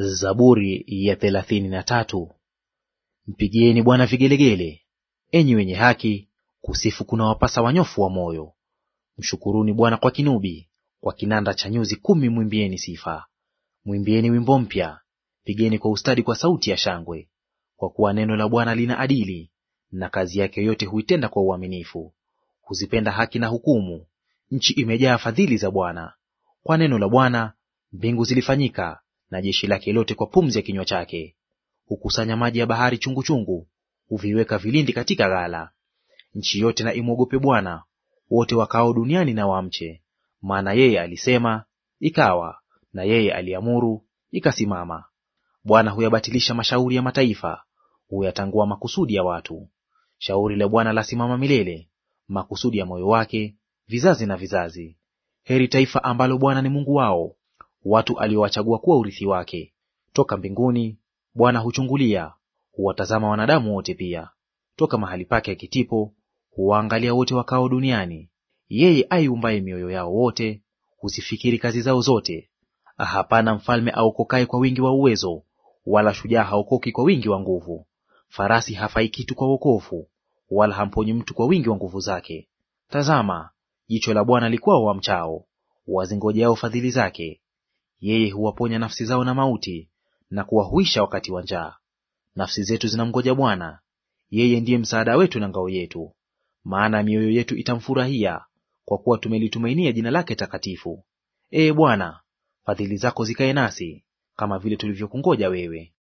Zaburi ya thelathini na tatu. Mpigieni Bwana vigelegele, enyi wenye haki, kusifu kuna wapasa wanyofu wa moyo. Mshukuruni Bwana kwa kinubi, kwa kinanda cha nyuzi kumi mwimbieni sifa. Mwimbieni wimbo mpya, pigeni kwa ustadi kwa sauti ya shangwe, kwa kuwa neno la Bwana lina adili, na kazi yake yote huitenda kwa uaminifu. Huzipenda haki na hukumu, nchi imejaa fadhili za Bwana. Kwa neno la Bwana mbingu zilifanyika na jeshi lake lote kwa pumzi ya kinywa chake. Hukusanya maji ya bahari chunguchungu, huviweka vilindi katika ghala. Nchi yote na imwogope Bwana, wote wakao duniani na wamche. Maana yeye alisema, ikawa; na yeye aliamuru, ikasimama. Bwana huyabatilisha mashauri ya mataifa, huyatangua makusudi ya watu. Shauri la Bwana lasimama milele, makusudi ya moyo wake vizazi na vizazi. Heri taifa ambalo Bwana ni Mungu wao, watu aliowachagua kuwa urithi wake. Toka mbinguni Bwana huchungulia, huwatazama wanadamu wote pia. Toka mahali pake akitipo huwaangalia wote wakao duniani. Yeye aiumbaye mioyo yao wote huzifikiri kazi zao zote. Hapana mfalme aokokaye kwa wingi wa uwezo, wala shujaa haokoki kwa wingi wa nguvu. Farasi hafai kitu kwa wokovu, wala hamponyi mtu kwa wingi wa nguvu zake. Tazama, jicho la Bwana likwao wamchao, wazingojeao fadhili zake, yeye huwaponya nafsi zao na mauti, na kuwahuisha wakati wa njaa. Nafsi zetu zinamngoja Bwana. Yeye ndiye msaada wetu na ngao yetu, maana mioyo yetu itamfurahia, kwa kuwa tumelitumainia jina lake takatifu. Ee Bwana, fadhili zako zikae nasi kama vile tulivyokungoja wewe.